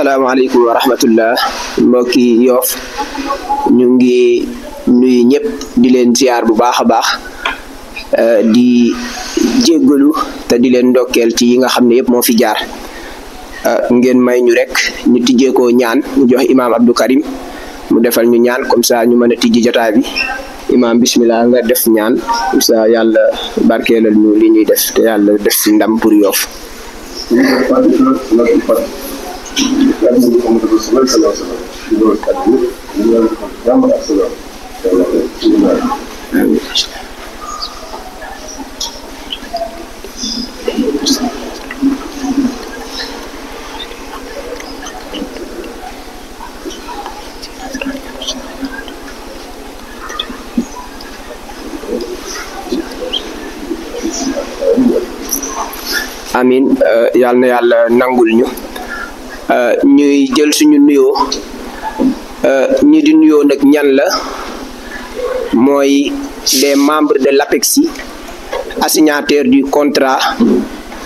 Assalamualaikum wa rahmatullah mbokki yof ñu ngi nuy ñep di leen ziar bu baax a baax eh, di jéggalu te di leen ndokkel ci yi nga xamne yep mo fi jaar eh, ngeen may ñu rek ñu ko ñaan mu jox imam abdou karim mu defal ñu ñaan comme ça ñu mëna tijji jotaay bi imam bismillah nga def ñaan comme ça yàlla barkeelal ñu li ñuy def te yalla def ci ndam pour yoof Amin, eh, yal na yàlla nangul ñu Euh, ñuy jël suñu nuyoo euh, ñi di nuyo nak ñan la moy les membres de l'APEXI assignataires du contrat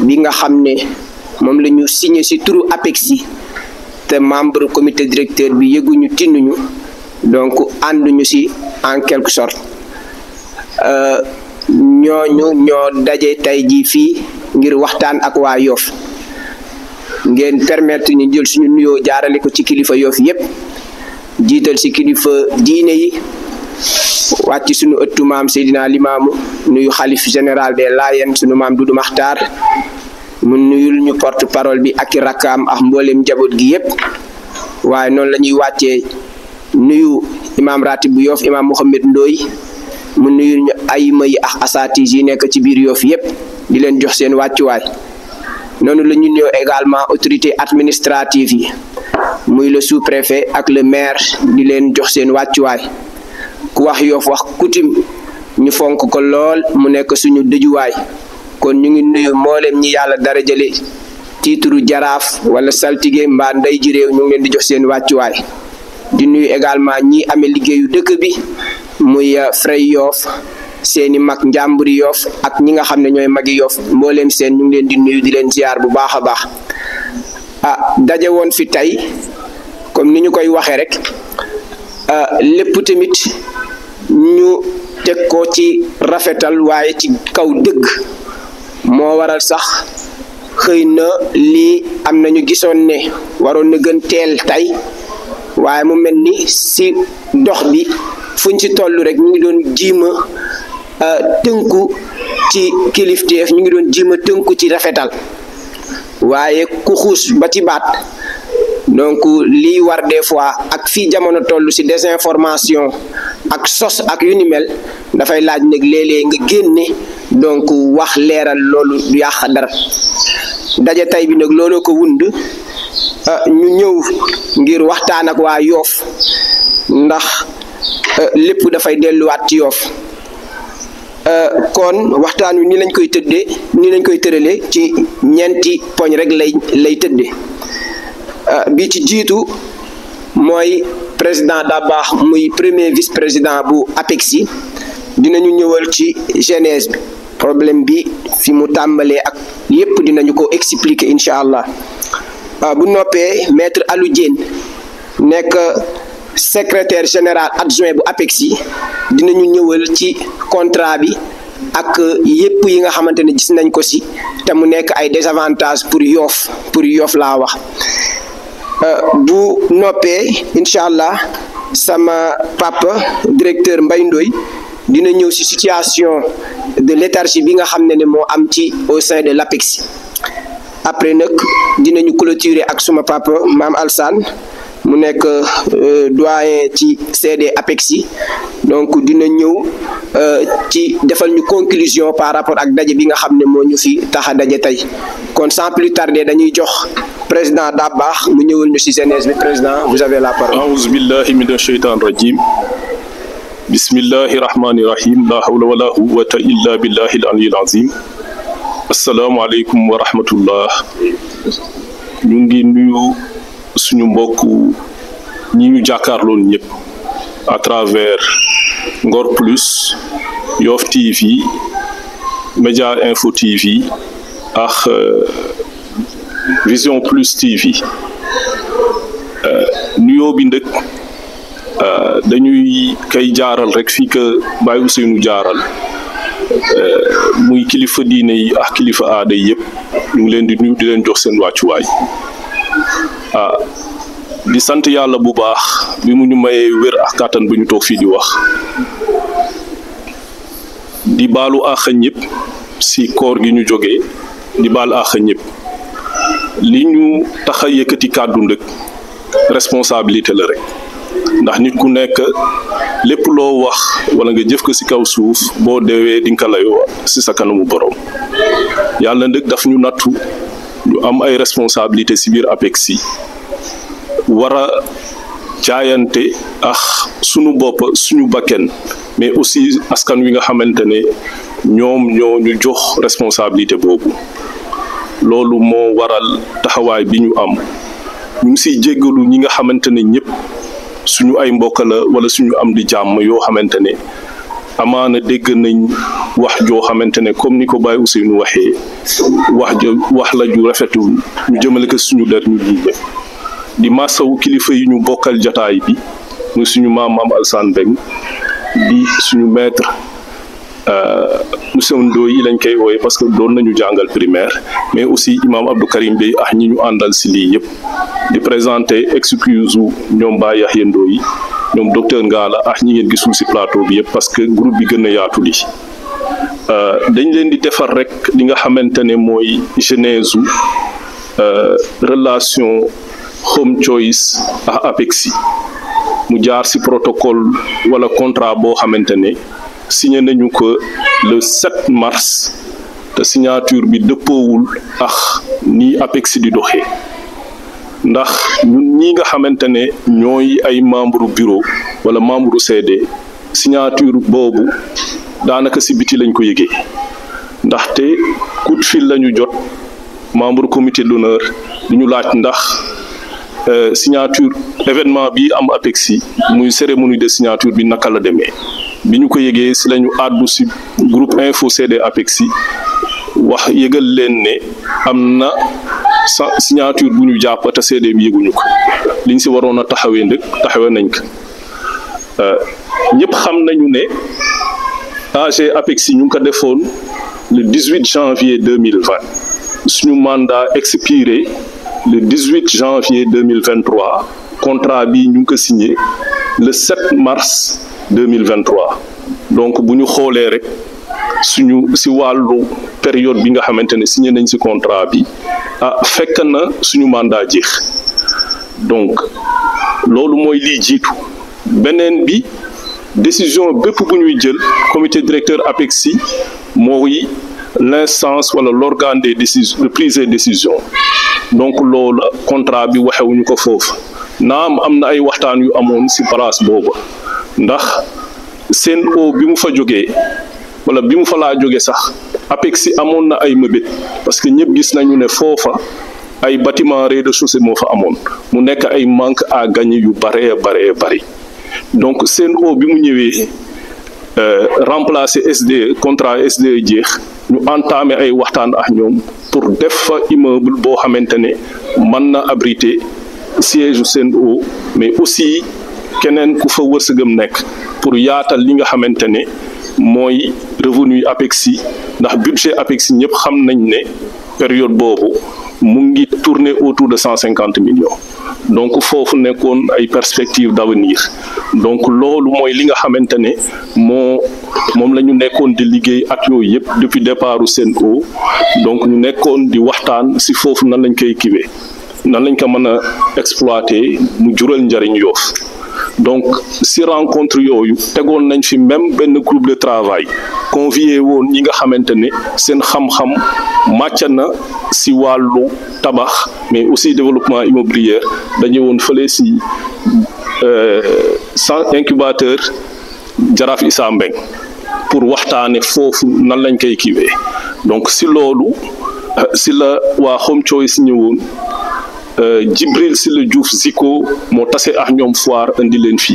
bi nga xamné mom lañu signé si turu APEXI té membre comité directeur bi yëguñu tinnuñu donc ànduñu si en quelque sorte euh, ñoñu ñoo dajé tay ji fi ngir waxtaan ak wa yof ngeen permettre ñu jël suñu nuyo jaarale ko ci kilifa yoof yépp jiital ci kilifa diine yi wàcc suñu ëttu maam sayidina limaamu nuyu xalif général des layen suñu maam dudu maxtaar mu nuyul ñu porte parole bi ak rakam ak mboolem jabot gi yépp waaye noonu la ñuy nuyu imam ratib bu yoof imam mohammed ndoy mu nuyul ñu ayima yi ak asatis yi nekk ci biir yoof yépp di leen jox seen wàccuwaay noonu la ñu ñëw également autorité administrative yi muy le sous-préfet ak le maire di leen jox seen wàccuwaay ku wax Yoff wax coutume ñu fonk ko lool mu nekk suñu dëjuwaay kon ñu ngi moo leen ñi yàlla dara jële tiituru jaraaf wala saltige mbaa ndey ji réew ñu ngi leen di jox seen wàccuwaay di nuyu également ñi amee liggéeyu dëkk bi muy euh, Fray Yoff seeni mak njamburi yof ak ñi nga xamne ñoy magi yof mbollem seen ñu ngi leen di nuyu di leen ziar bu baaxa a baax ah dajé won fi tay comme ni koy rek ah, lepp tamit ñu tek ko ci rafetal waye ci kaw deug mo waral sax xeyna li am nañu gisoon ne na gën tel tay waye mu melni ni si dox bi fuñ ci tollu rek ñu doon jima tënku ci kilifteef ñu ngi doon jéem a tënku ci rafetal waaye ku xuus ba ci baat donc lii war des fois ak fii jamono toll si désinformation ak sos ak yu ni mel dafay laaj nag léeg-léeg nga génne donc wax leeral loolu du yàq dara daje tey bi nag looloo ko wund ñu ñëw ngir waxtaan ak waa yoof ndax lépp dafay delluwaat ci yoof Euh, kon waxtaan wi nii lañ koy tëddee ni lañ koy tëralee ci ñeenti poñ rek lay lay tëddee euh, bi ci jiitu mooy président da baax muy premier vice président bu APEXI dinañu ñëwal ci genèse bi problème bi fi mu tàmbalee ak yépp dinañu ko expliquer incha allah euh, bu noppee maître Alou Diène nekk. secretaire général adjoint bu APEXI dinañu ñëwal ci contrat bi ak yépp yi nga xamante ne gis nañ ko si te mu nekk ay désavantages pour yoof pour yoof laa wax euh, bu noppee incha allah sama papa directeur Mbaye Ndoye dina ñëw si situation de léthargie bi nga xam ne ne moo am ci au sein de l'APEXI après nag dinañu clôturer ak suma papa maam Alsane mu nek euh, doyen ci CD apexi donc dina nous euh, ci defal ñu conclusion par rapport ak dajé bi nga xamné mo ñu fi taxa dajé tay kon sans plus tarder dañuy jox président Dabakh mu ñewul ñu ci président vous avez la parole. billahi Nous la suñu mbokk ñi ñu jàkkaarloon ñëpp à travers Ngor Plus Yoff TV Média Info TV ak euh, Vision Plus TV euh, nuyoo bi ndëkk euh, dañuy kay jaaral rek fii que bàyyi seenu jaaral muy kilifa diine yi ak kilifa aada yi yëpp ñu ngi leen di nuyu di leen jox seen wàccuwaay ah di sant yàlla bu baax bi mu ñu mayee wér ak kàttan bu ñu toog fii di wax di baalu àq ñëpp ci koor gi ñu jógee di baal àq ñëpp li ñu taxa a yëkkati kàddu ndëkk responsabilité la rek ndax nit ku nekk lépp loo wax wala nga jëf ko ci kaw suuf boo deewee di nga ko layoo ci sa kanamu borom yàlla ndëkk daf ñu nattu ñu am ay responsabilité si biir APEX si war a jaayante ak suñu bopp suñu bakken mais aussi askan wi nga xamante ne ñoom ñoo ñu jox responsabilité boobu loolu moo waral taxawaay bi ñu am ñu ngi siy jéggalu ñi nga xamante ne ñëpp suñu ay mbokk wala suñu am di jàmm yoo xamante ne amaana dégg nañ wax joo xamante ne comme ni ko Baye Ousseynou waxee wax jo waxla ju rafetul ñu jëmale ko suñu der ñu ñuy di masawu kilifa yi ñu bokkal jataay bi muy suñu maam maam Alsaan Mbeng di suñu maître Euh, monsieur yi lañ koy wooye parce que doon nañu jàngal primaire mais aussi imam Abdou Karim Bey ñi ñu àndal si lii yëpp di présenter excuse u ñoom Baye Yahya Ndoye ñoom docteur Ngala ak ñi ngeen gisul si plateau bi yëpp parce que groupe bi gën a yaatu li euh, dañ leen di defar rek li nga xamante ne mooy genèse u euh, relation home choice ak si mu jaar si protocole wala contrat boo xamante ne signé nañu ko le 7 mars te signature bi dëppoowul ak ni APEX di doxee ndax ñun ñi nga xamante ne ñooy ay membre bureau wala membre CD signature boobu daanaka si lañ ko yëgee ndaxte coup de fil la ñu jot membre comité d'honneur di ñu laaj ndax euh, signature événement bi am APEX muy cérémonie de signature bi naka la demee bi ko yëgee si lañu àddu si groupe info CD APEXI wax yëgal leen ne am na signature bu ñu jàpp te CD bi yëguñu ko liñ si waroon a taxawee ndëkk taxawee nañ ko euh, ñëpp xam nañu ne AG APEXI ñu ngi ko defoon le 18 janvier 2020 suñu mandat expiré le 18 janvier 2023 contrat bi ñu ko signé le 7 mars. 2023 donc bu ñu xoolee rek suñu si wàllu période bi nga xamante ne signé nañ si contrat bi ah fekk na suñu mandat jeex donc loolu mooy lii jiitu beneen bi décision bépp bu ñuy jël comité directeur APEXI mooy l'instance wala l'organe de décision de prise de décision donc loolu contrat bi waxewuñu ko foofu naam am na ay waxtaan yu amoon si paras boobu ndax seen o bi mu fa jógee wala bi mu fa laa jóge sax APEXI amoon na ay mëbét parce que ñëpp gis nañu ne foofa ay bâtiment rez-de-chaussée moo fa amoon mu nekk ay manque à gagner yu bare bare bari donc seen SEN'EAU bi mu ñëwee euh, remplacer SDE contrat SDE jeex ñu entamer ay waxtaan ak ñoom pour def fa immeuble boo xamante ne mën na abriter siège SEN'EAU mais aussi keneen ku fa wërsëgam nekk pour yaatal li nga xamante ne mooy revenu APEXI ndax budget APEXI ñëpp xam nañ ne période boobu mu ngi tourner autour de 150 millions donc foofu nekkoon ay perspectives d'avenir donc loolu mooy li nga xamante ne moo moom la ñu nekkoon di liggéey ak yooyu yëpp depuis départu Sen'Eau donc ñu nekkoon di waxtaan si foofu nan lañ koy kiwee nan lañ ko mën a exploiter mu jural njëriñ Yoff donc si rencontre yooyu tegoon nañ fi même benn groupe de travail convié woon ñi nga xamante ne seen xam-xam màcc na si wàllu tabax mais aussi développement immobilier dañu woon fële si euh, sans incubateur Jaraaf Issa Mbeng pour waxtaane foofu nan lañ koy kiiwee donc si loolu euh, si la waa Home Choice ñëwoon Euh, Djibril Sile ziko Zico mo tassé ak ñom foire indi leen fii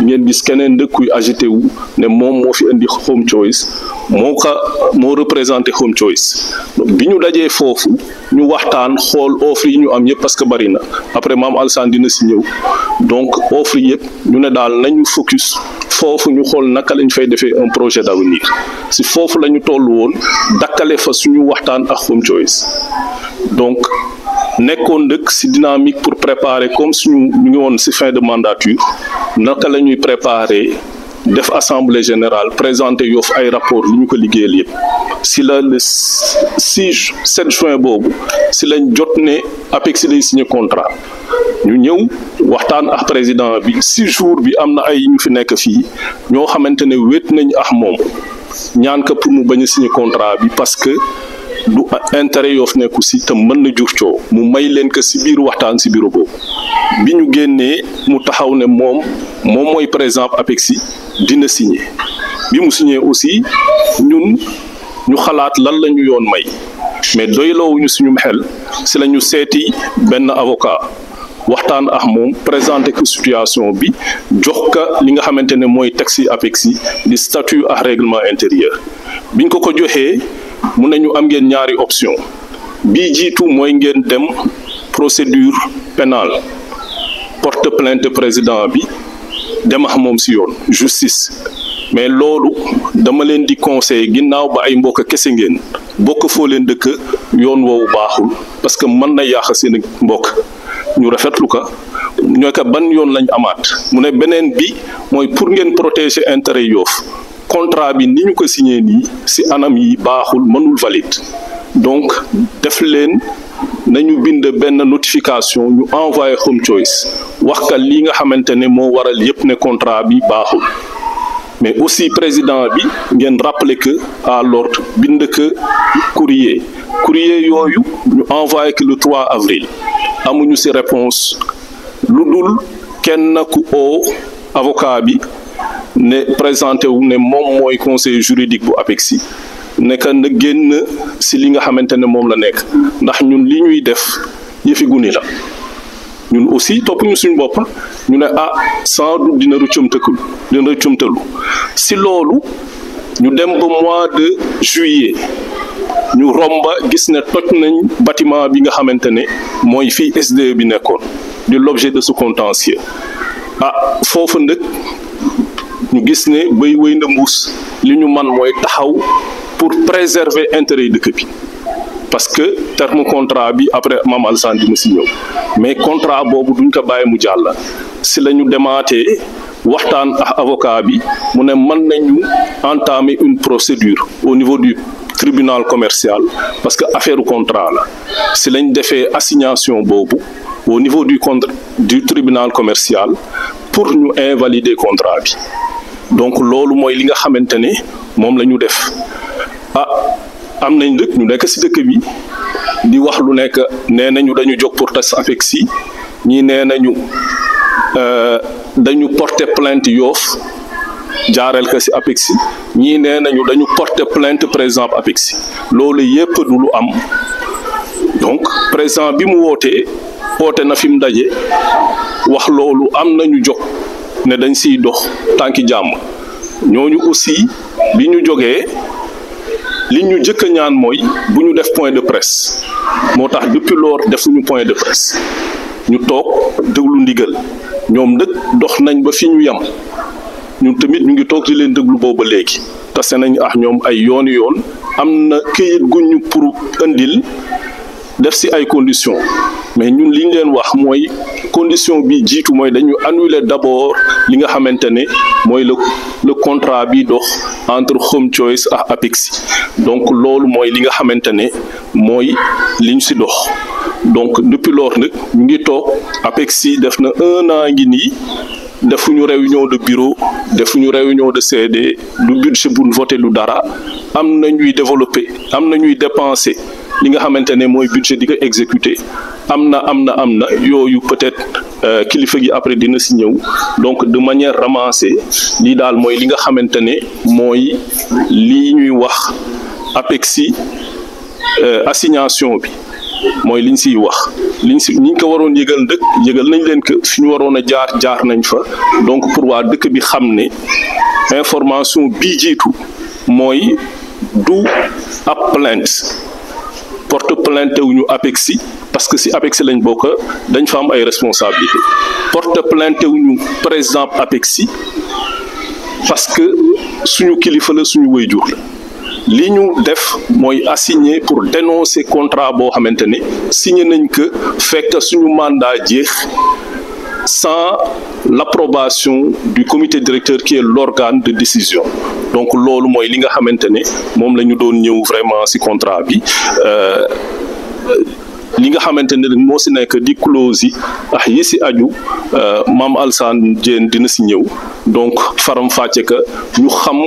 ngeen gis keneen kuy agité wu ne moom mo fi indi home choice moka ko moo home choice donc biñu dajé fofu ñu waxtaan xol offre yi ñu am parce que bari na après mam Alsaan dina si ñew donc offre yëpp ñu né dal nañu focus fofu ñu xol naka lañ fay défé un projet d'avenir si fofu lañu tollu won dakalé fa suñu waxtaan ak home choice donc. nekkoon dëkk ci dynamique pour préparer comme suñu ñu ngi woon ci fin de mandature naka la ñuy préparer def assemblée générale présenter yoofu ay rapport lu ñu ko liggéeyal yëpp si la le si 7 juin boobu si lañ jot ne APEX day signé contrat ñu ñëw waxtaan ak président bi si jours bi am na ay ñu fi nekk fii ñoo xamante ne wéet nañ ak moom ñaan ko pour mu bañ a signé contrat bi parce que du intérêt yoo fi nekku si te mën na jur coo mu may leen ko si biir waxtaan si bureau boobu bi ñu génnee mu taxaw ne moom moom mooy par exemple APEXI dina signé bi mu signé aussi ñun ñu xalaat lan la ñu yoon may mais doyloowuñu suñu xel si la ñu seeti benn avocat waxtaan ak moom présenté ko situation bi jox ka li nga xamante ne mooy taxi APEXI di statut ak règlement intérieur biñ ko ko joxee. mu ne ñu am ngeen ñaari option bii jiitu mooy ngeen dem procédure pénale porte plainte président bi dem ak moom si yoon justice mais loolu dama leen di conseiller ginnaaw ba ay mbokk kese ngeen bokk foo leen dëkk yoon woowu baaxul parce que mën na yàq seen mbokk ñu rafetlu ko ñooy ban yoon lañ amaat mu ne beneen bi mooy pour ngeen protéger intérêt Yoff contrat bi ni ko signé ni si anam yi baxul mënul valide donc def leen nañu bind benn notification ñu envoyer home choice wax ka li nga xamantene ne moo waral yépp ne contrat bi baaxul mais aussi président bi ngeen rappeler que à l'ordre bind que courrier courrier yooyu ñu envoyer que le 3 avril amuñu ci réponse lu dul kenn ku oo avocat bi ne présenté ou ne moom mooy conseil juridique bu APEXI ka ne genn si li nga xamantene ne la nek ndax ñun li ñuy def yefi guni la ñun aussi topp ñu suñu bop ñu ne ah sans doute dina rëccumtëkku dina rëccumtalu si lolu ñu dem ba mois de juillet ñu romba gis ne toj nañ bâtiment bi nga xamantene ne fi SDE bi nekkoon di l'objet de ce contentieux ah fofu ndëkk ñu gis ne bay wéy na mbuus li ñu man mooy taxaw pour préserver intérêt de dëkk bi parce que terme contrat bi après maam Alsaan ma si ñëw mais contrat boobu duñ ko bàyyi mu jàll si la ñu demaatee waxtaan ak avocat bi mu ne man nañu entamer une procédure au niveau du tribunal commercial parce que affaire contrat la si lañ defee assignation boobu au niveau du du tribunal commercial pour ñu invalider contrat bi donc loolu mooy li nga xamante ne moom la ñu def ah am nañ dëkk ñu nekk si dëkk bi di wax lu nekk nee nañu dañu jóg pour tas APEXI ñii nee nañu euh, dañu porter plainte Yoff jaareel ko ci APEXI ñii nee nañu dañu porter plainte président APEXI loolu yépp du lu am donc président bi mu wootee woote na fi mu daje wax loolu am nañu jóg ne dañ siy dox tànki jàmm ñooñu aussi bi ñu jógee li ñu jëkk a ñaan mooy bu ñu def point de presse moo tax depuis lors defuñu point de presse ñu toog déglu ndigal ñoom nag dox nañ ba fi ñu yem ñun tamit ñu ngi toog di leen déglu booba léegi tase nañ ak ñoom ay yooni yoon am na këyit gu ñu pour indil def si ay conditions mais ñun li ñu leen wax mooy condition bi jiitu moy dañu annuler d'abord li nga xamantene moy le le contrat bi dox entre Home Choice ak APEXI donc loolu moy li nga xamantene moy liñ ci dox donc depuis lors nag ñu ngi tok APEXI def na un an ngi ni defuñu réunion de bureau defuñu réunion de CD du budget bu voter lu dara am nañuy développer am nañuy dépenser li nga xamantene moy budget di exécuter Amna, amna, amna. peut-être euh, kilifa gi après dina donc de manière ramassée li dal moy li nga xamantene moy li ñuy wax APEXI euh, assignation bi liñ wax liñ que a jaar jaar nañ fa donc pour waa dëkk bi xam information bii jiitu mooy du porte plainte ou nous APEXI parce que si APEXI lañ bokk dañ femme am est responsable porte plainte ou nous président APEXI parce que suñu kilifa la suñu wayjur la li ñu def assigné pour dénoncer contrat maintenir. xamante ne signé nañ que fekk suñu mandat jeex sans l'approbation du commité directeur qui est l'organe de décision donc loolu mooy li nga xamante ne moom la ñu doon ñëw vraiment ci contrat bi euh, li nga xamante ne moo si nekk di clause yi ah yi si aju euh, mam Alsaan Diène dina si ñëw donc faram fàcce ka ñu xam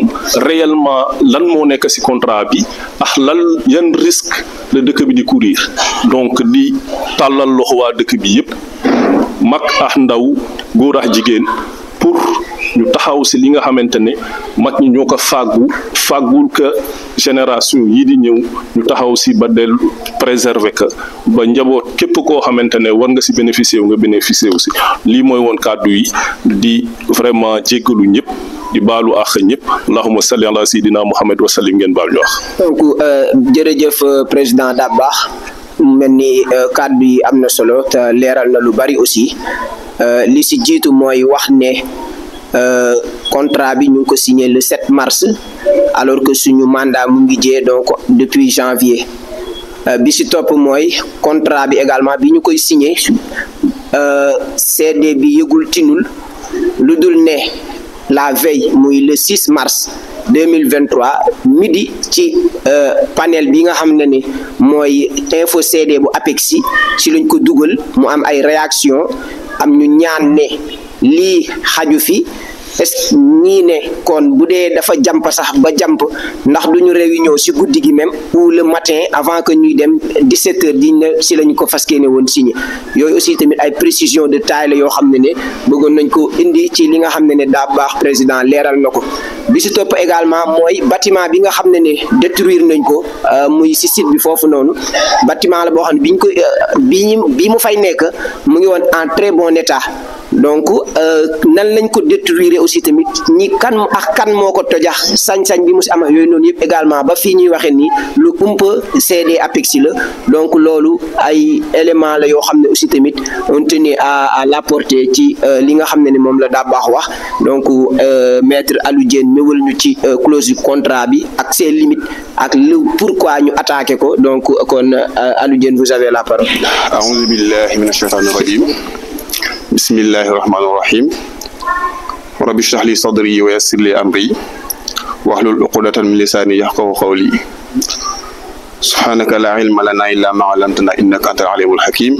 réellement lan moo nekk si contrat bi ah lan yan risque la dëkk bi di courir donc di tàllal loxo waa dëkk bi yëpp. mak ah ndaw goor pur jigen pour ñu taxaw ci li nga xamantene mak ñi ñoo ko fàggu fàggul ka génération yi di ñew ñu taxaw si ba del préserver ke ba njaboot kep ko xamantene war nga ci bénéficier nga bénéficier aussi si moy won cadeau yi di vraiment jéggalu ñep di balu ak ñep allahumma salli ala sayidina muhammad wa sallim ngeen baal ñu wax donc euh, jërëjëf euh, président Dabakh mu mel ni kàddu euh, yi am na solo te leeral na lu bari aussi euh, li si jiitu mooy wax ne euh, contrat bi ñu ko signé le 7 mars alors que suñu mandat mu ngi jee donc depuis janvier bi si topp mooy contrat bi également bi ñu koy signé CD bi yëgul tinul lu dul ne la veille muy le 6 mars 2023 midi ci euh, panel bi nga xam ne ni mooy info CD bu APEXI ci lañ ko dugal mu am ay réaction am ñu ñaan ne lii xaju fi est ce ñii ne kon bu dee dafa jàmp sax ba jàmp ndax du ñu réunion si guddi gi même ou le matin avant que ñuy dem 17 heures diñ ne si lañu ko fas yéene woon signé yooyu aussi tamit ay de taille la yoo xam ne ne bëggoon nañ ko indi ci li nga xam ne ne daa baax président leeral na ko bi si topp également mooy batiment bi nga xam ne ne détruire nañ ko euh, muy si site bi foofu noonu batiment la boo xam ne biñ ko euh, bi bi mu fay nekk mu ngi woon en très bon état donc euh, nan lañ ko détruire aussi tamit ñi kan ax kan moo ko tojax sañ-sañ bi mu si am ak yooyu noonu yëpp également ba fii ñuy waxee ni lu umpa CD APEXI la donc loolu ay élément la yoo xam ne aussi tamit on tenait à à l'apporter ci euh, li nga xam ne ni moom la daa baax wax donc euh, maître Aliou Diène ñëwal ci clause contrat bi ak ses limites ak lu pourquoi ñu attaqué ko donc kon Aliou Diène vous avez la parole. a'uuzu billahi minash shaytaani rajiim بسم الله الرحمن الرحيم رب اشرح لي صدري ويسر لي أمري واحلل عقدة من لساني يفقهوا قولي سبحانك لا علم لنا إلا ما علمتنا إنك أنت العليم الحكيم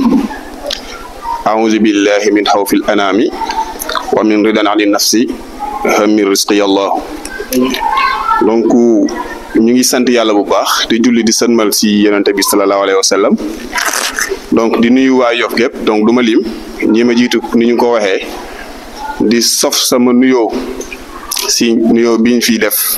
أعوذ بالله من خوف الأنام ومن رضا عن النفس هم رزقي الله دونك ñu ngi sant yàlla bu baax di julli di mal si yonente bi salallaahu alayhi wa sallam donc di nuyu waa Yoff gépp donc du ma lim ñi ma jiitu ni ñu ko waxee di sof sama nuyoo si nuyoo biñ fiy def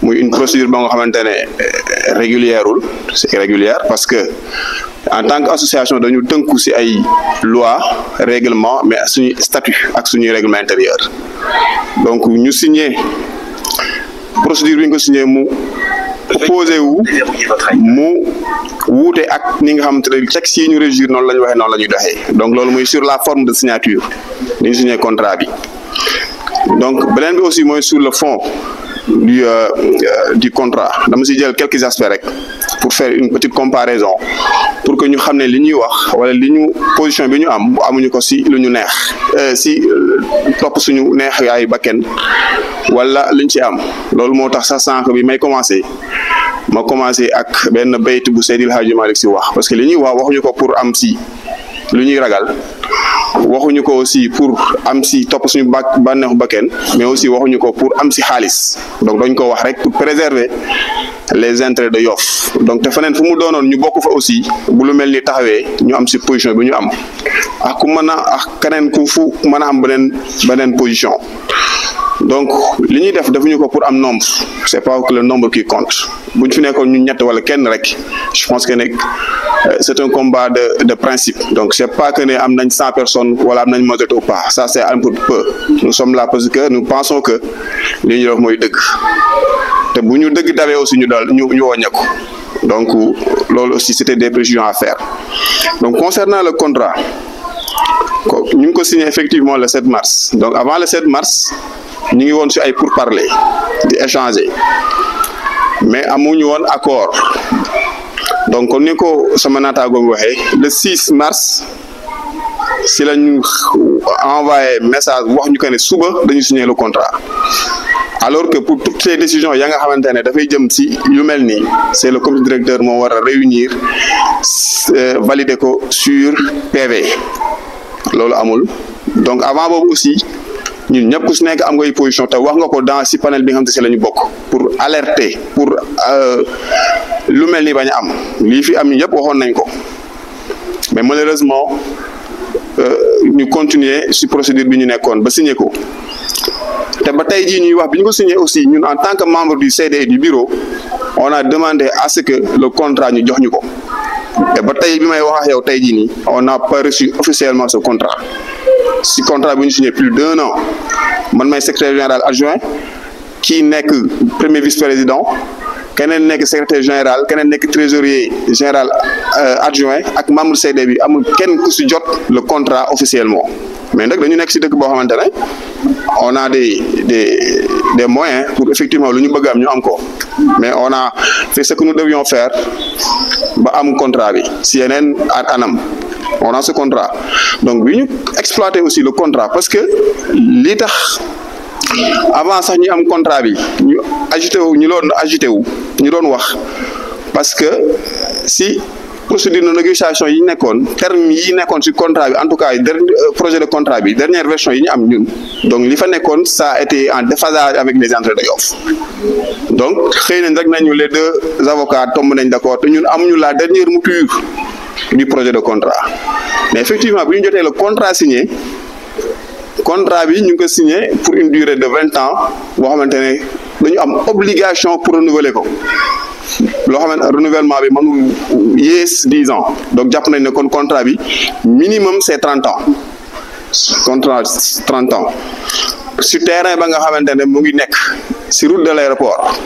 muy une procédure ba nga xamante ne euh, régulièreul c'est irrégulière parce que en tant que association dañu tënku ci ay loi réglement mais suñu statut ak suñuy règlement intérieur donc ñu signé procédure bi ñu ko signé mu opposé wu mu wuute ak ni nga xamante ne texte yi ñu régir noonu la ñu waxee la ñuy doxee donc loolu muy sur la forme de signature li ñu signé contrat bi donc beneen bi aussi mooy sur le fond du euh, euh, du contrat dama si jël quelques aspects rek pour faire une petite comparaison pour que ñu xam ne li ñuy wax wala li ñu position bi ñu am amuñu ko si lu ñu neex si euh, topp suñu neex yaay bakken wala liñ ci am loolu moo tax sax sànq bi may commencé ma commencé ak benn bayt bu Seydil Hadji Malick si wax parce que li ñuy wax waxuñu ko pour am si lu ñuy ragal. waxuñu ko aussi pour am ci top suñu bac bànneexu bakken mais aussi waxuñu ko pour am ci xaalis donc dañ ko wax rek pour préserver les intérêts de Yoff donc te fenen fu mu doonoon ñu bokku fa aussi bu lu melni taxawé ñu am ci position bi ñu am ak ku mën ak kenen ku fu mën am benen benen position donc li ñuy def defuñu ko pour am nombre c'est pas que le nombre qui compte buñ fi nekkoon ñun ñett wala kenn rek je pense que euh, c'est un combat de de principe donc c'est pas que né am nañ 100 personnes, voilà, nous sommes ou pas. Ça, c'est un peu peu. Nous sommes là parce que nous pensons que l'Union est de te bu ñu dëgg dawee aussi ñu dal ñu donc aussi c'était des préjugés à faire donc concernant le contrat nous avons signé effectivement le 7 mars donc avant le 7 mars nous avons eu pour parler pourparlers Mais nous mais eu un accord donc nous avons sama accord le 6 mars si la ñu envoyé message wax ñu ko ne suba dañu signer le contrat alors que pour toutes ces décisions ya nga xamante da fay jëm ci yu melni c'est le comité directeur mo wara réunir euh, valider ko sur PV lolu amul donc avant boobu aussi ñun ñep ku si nekk am ngay position taw wax nga ko dans ci panel bi nga xam te si bokk pour alerter pour euh, lu melni baña am li fi am ñep waxon nañ ko mais malheureusement nous euh, continuer ci procédure bi ñu nekkoon ba signé ko te ba tey jii wax signé aussi en tant que membre du CD et du bureau on a demandé à ce que le contrat ñu jox ñu ko te ba tey bi may on n'a pas reçu officiellement ce contrat Ce contrat a signé plus d'un an man may secrétaire général adjoint que le premier vice-président est le secrétaire général est le trésorier général euh, adjoint ak membre CD bi amul kenn ku le contrat officiellement mais nous dañu nek ci deug on a des des moyens pour effectivement lu ñu bëgg am ñu am ko mais on a fait ce que nous devions faire ba am contrat bi si yeneen anam on a ce contrat donc biñu exploiter aussi le contrat parce que l'état avant ça nous am contrat bi ñu agité wu ñu agité wu ñu parce que si procédure de négociation yi nekkoon terme yi nekkoon contrat en tout cas le euh, projet de contrat bi dernière version yi ñu am donc li fa nekkoon ça a été en déphasage avec les entrées de l'offre. donc rien nañ rek les deux avocats tomb d'accord nous avons te la dernière mouture du projet de contrat mais effectivement bu ñu le contrat signé contrat bi nous ko signé pour une durée de 20 ans Nous avons une obligation pour renouveler ko lo renouvellement bi 10 ans donc japp nañ un kon contrat bi minimum c'est 30 ans contrat 30 ans sur terrain ba nga xamantene route de l'aéroport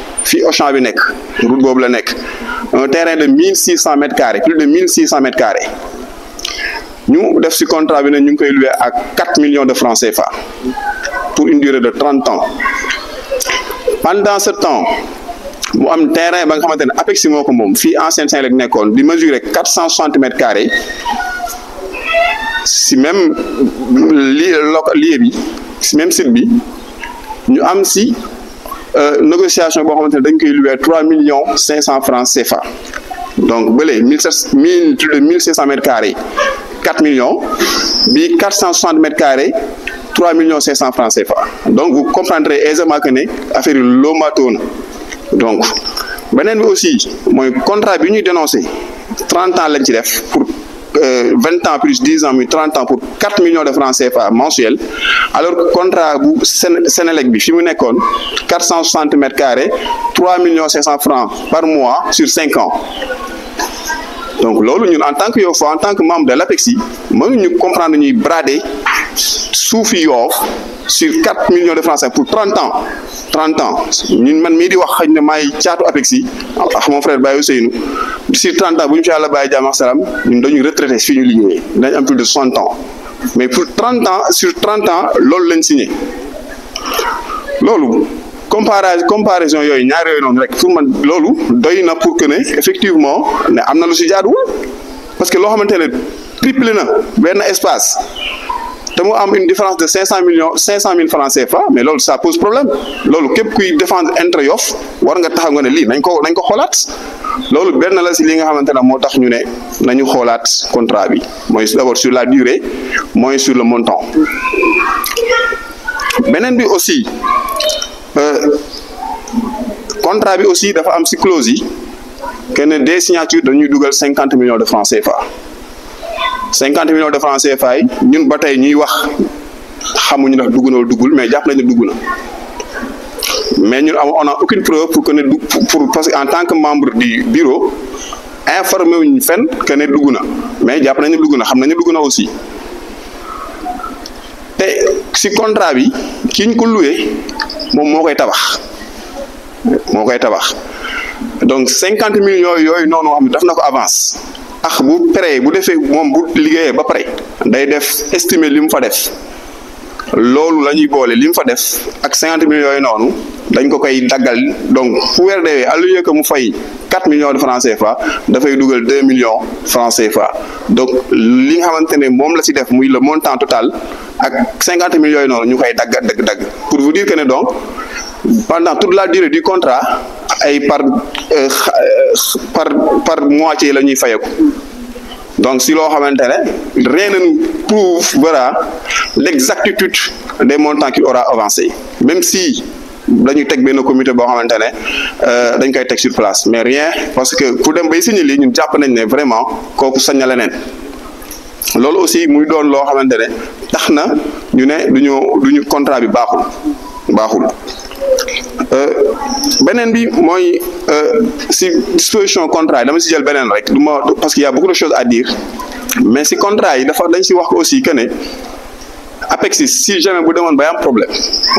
route un terrain de 1600 m2 plus de 1600 m2 ñu def ci contrat bi ne ñu ngi koy loué ak quatre millions de francs CFA pour une durée de trente ans pendant ce temps mu am terrain ba nga xamante ne APEX moo ko moom fii ancien Saint rek nekkoon di mesurer quatre cent soixante mètres carrés si même lii lieu bi si même site bi ñu am si euh, négociation boo xamante ne dañ koy loué trois millions cinq cent francs CFA donc bële mille sept mille mille cinq cent mètres 4 millions 460 mètres carrés 3 millions 500 francs CFA donc vous comprendrez aisément que affaire l'omatone. donc vous aussi mon contrat bi dénoncé 30 ans lañ pour. 20 euh, ans plus 10 ans mais 30 ans pour 4 millions de francs CFA mensuels alors que contrat c'est Sénélec bi fi 460 mètres carrés 3 millions 500 francs par mois sur 5 ans donc loolu ñun en tant que en tant que membre de l'APEXI ñu comprendre ñuy brader suufi sur 4 millions de Français pour 30 ans 30 ans ñun man mii di wax xëy APEXI ah, mon frère Baye sur 30 ans nous avons fi un bàyyi de ak salaam ñun dañu retraité un ñu am plus de 60 ans mais pour 30 ans sur 30 ans loolu lañ signé loolu compara comparaison yoy ñaar yoy non rek fu man lolu doy na pour que ne effectivement ne amna lu ci jaaduwul parce que lo xamantene ne triplé na benn espace te mu am une différence de 500 millions cinq cent francs CFA mais lolu ça pose problème lolu kep kuy défendre entre Yoff war nga taxaw nga ne nañ ko nañ ko xolat lolu ben la ci li nga xamantene mo tax ñu ne nañu xolat contrat bi moy d'abord sur la durée moy sur le montant benen bi aussi Euh, contrat bi aussi dafa am si clause yi kenn des signatures dañuy dugal cinquante millions de francs CFA cinquante millions de francs CFA yi ñun ba tey ñuy wax xamuñu ndax dugg na duggul mais jàpp nañu ne dugg na mais ñun on a aucune pour que ne pour parce que en tant que membre du bureau informé wuñ fenn que dugg na mais jàpp nañ ne na xam nañu ne dugg na aussi te si contrat bi ki ñu moom moo koy tabax moo koy tabax donc cinquante millions yooyu noonu xam ne daf na ko avance ak bu paree bu defee moom bu liggéeyee ba pare day def estimer li mu fa def loolu la ñuy boole li mu fa def ak cinquante millions yooyu noonu dañ ko koy daggal donc fu weer au lieu que mu fay 4 millions de francs CFA fay dugal 2 millions de francs CFA donc li nga xamantene mom la ci def muy le montant total ak 50 millions de francs ñu pour vous dire que donc pendant toute la durée du contrat ay par euh, euh, par par moitié la fayeku donc si nous xamantene rien ne nous prouvera l'exactitude des montants qu'il aura avancé. même si dañuy teg benn comité boo xamante ne euh, dañ koy teg sur place mais rien parce que ku dem bay signé lii ñun jàpp nañ ne vraiment kooku sañ na leneen loolu aussi muy doon loo xamante ne tax na ñu ne du ñu du ñu contrat bi baaxul baaxul euh, beneen bi mooy euh, si disposition contrat yi dama si jël beneen rek du ma parce que y a beaucoup de à dire mais si contrat yi dafa dañ si wax aussi que APEXIS si jamais bu demoon bay am problème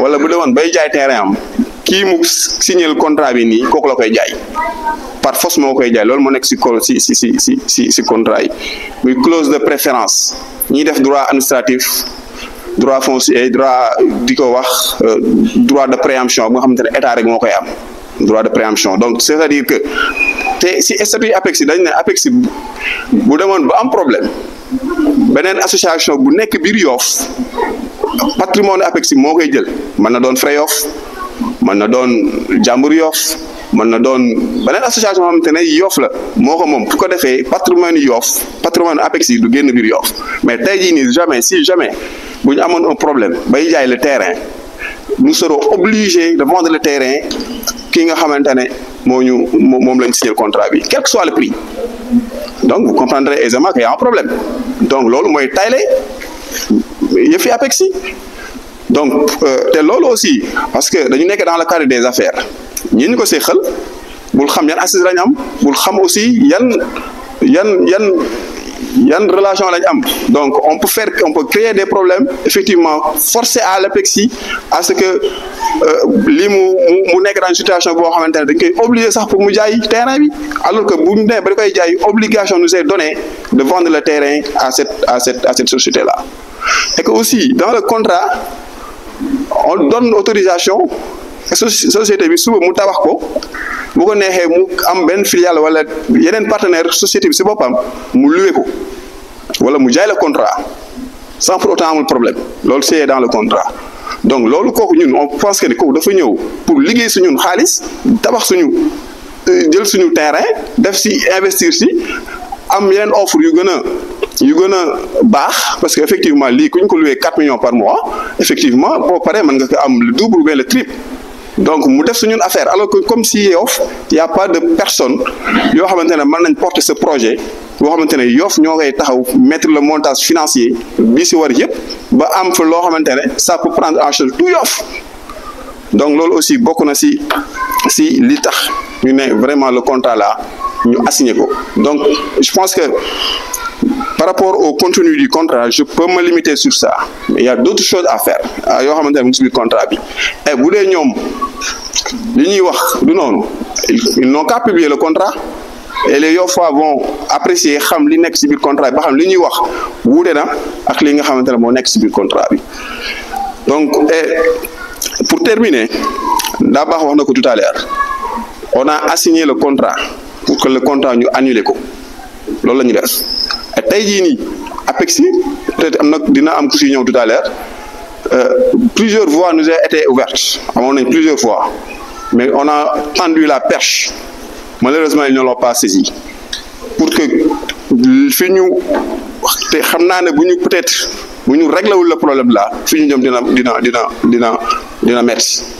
wala bu demoon bay jaay terrain am kii mu signal contrat bi nii kooku la koy jaay par force moo koy jaay loolu moo nekk si si si si si si si contrat yi muy clause de préférence ñiy def droit administratif droit foncier droit di ko wax euh, droit de préemption bu xam xamante ne état rek moo koy am droit de préemption donc c' est à dire que te si statut APEXIS dañ ne APEXIS bu demoon ba am problème. benen association bu nek bir yoof patrimoine apex mo koy jël man na don Fra Yoff mën na don jambour yoof man na don benen association xamante ne yoof la moko mom ko defé patrimoine yoff patrimoine apex du génn bir yoof mais tey ni jamais si jamais bu ñu amoon un problème bay jay le terrain nous serons obligés de vendre le terrain ki nga xamantene moñu mom ñu moom lañ signé contrat bi quel que soit le prix donc, vous comprendrez aisément qu'il y a un problème. Donc, l'eau, moi, est taillé. Il fait avec Donc, c'est euh, aussi. Parce que nous sommes dans le cadre des affaires. Nous sommes dans le cadre des affaires. Nous sommes dans le cadre aussi dans le cadre des affaires yan relation lañ am donc on peut faire on peut créer des problèmes effectivement forcer à l'APEXI à ce que euh, lii mu mu dans situation de xamantene dañ koy obligé sax pour mu jaay terrain bi alors que bu obligation nous est donnée de vendre le terrain à cette à cette à cette société là et que aussi dans le contrat on donne autorisation société bi suba mu tabax ko bu ko neexee mu am benn filiale wala yeneen partenaire société bi si boppam mu luwe ko wala mu jaay le contrat sans pour autant amul problème loolu c'est dans le contrat donc loolu kooku ñun on pense que ni kooku dafa ñëw pour liggéey suñu xaalis tabax suñu euh, jël suñu terrain def si investir si am yeneen offre yu gën a yu gën a baax parce que effectivement lii kuñ ko loué 4 millions par mois effectivement boo paree mën nga ko am le double ou bien le triple donc mu def une affaire alors que comme si il e y' a pas de personne qui maintenant ce projet mettre le montage financier ça peut prendre en charge tout donc aussi beaucoup si vraiment le contrat là donc je pense que par rapport au contenu du contrat je peux me limiter sur ça mais il y a d'autres choses à faire à ah, xamante ne contrat et vous les ñoom li ñuy wax ils n'ont qu'à publier le contrat et les yow fois vont apprécier xam li nekk ci contrat bi ba xam li ñuy wax wuute na ak li nga ci contrat bi donc eh, pour terminer d'abord baax wax tout à l'heure on a assigné le contrat pour que le contrat ñu annule. ko loolu la ñu à Taïdini, à APEXI peut-être am dina am ku tout à l'heure euh, plusieurs voies nous ont été ouvertes amone plusieurs voies, mais on a tendu la perche malheureusement ils ne l'ont pas saisi pour que nous puissions, te peut-être buñu le problème là fi ñu dina dina dina dina dina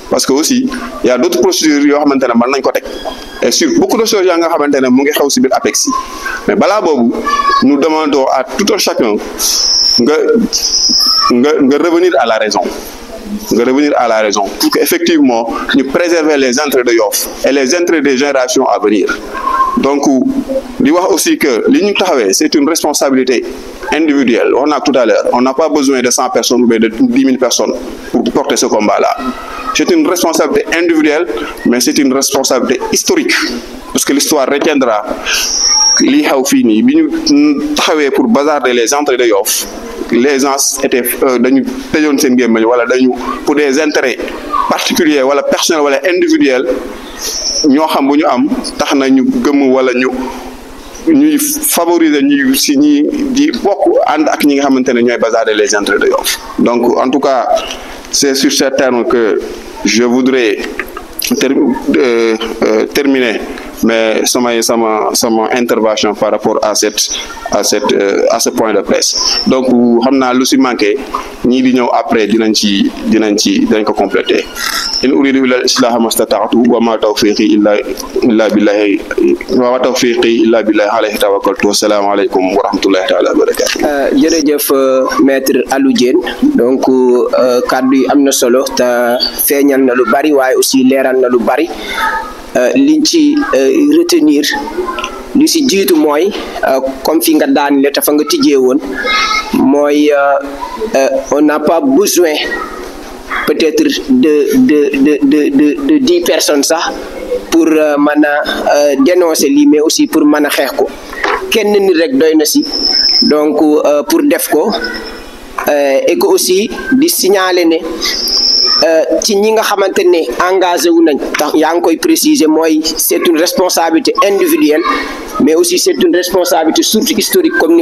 parce que aussi il y a d'autres procédures yo xamantene ne mën ko tek et sur beaucoup de choses yaa nga xamante ne mu ngi si APEX mais là nous demandons à tout un chacun de nga revenir à la raison de revenir à la raison pour qu'effectivement nous préserver les intérêts de Yoff et les intérêts des générations à venir donc di wax aussi que l'union c'est une responsabilité individuelle on a tout à l'heure on n'a pas besoin de 100 personnes ou de 10 000 personnes pour porter ce combat-là c'est une responsabilité individuelle mais c'est une responsabilité historique parce que l'histoire retiendra li xew fii nii bi ñu taxawee pour bazarder les entrées de Yoff les gens étaient euh, dañu tëjoon seen gémmiñ wala dañu pour des intérêts particuliers wala personnel wala individuel ñoo xam bu ñu am tax na ñu gëm wala ñu ñuy favoriser ñuy si ñi di bokk ànd ak ñi nga xamante ne ñooy bazarder les entrées de Yoff donc en tout cas c'est sur ce terme que je voudrais ter euh, euh, terminer mais samay sama sama intervention par rapport à cette à cette euh, à ce point de presse donc xam naa lu si manqué ñii di ñëw après dinañ ci dinañ ci dinañ ko complété in uridu illa islaha mastataatu wa ma tawfiqi illa illa billahi wa ma tawfiqi illa billahi alayhi tawakkaltu wasalaamu aleykum wa rahmatullahi taala wa barakatu euh, jërëjëf euh, maître Alioune Diène donc kàddu yi am na solo te feeñal na lu bari waaye aussi leeral na lu bari Euh, liñ ci euh, retenir li si jiitu mooy euh, comme fi nga daanile te fa nga tijjee woon mooy on n'a pas besoin peut-être de de de de de de dix personnes ça pour mën dénoncer li mais aussi pour mën a xeex ko kenn nit rek doyna na si donc pour def ko. Euh, et que aussi di signaler que euh, ci nga engagé c'est une responsabilité individuelle mais aussi c'est une responsabilité surtout historique comme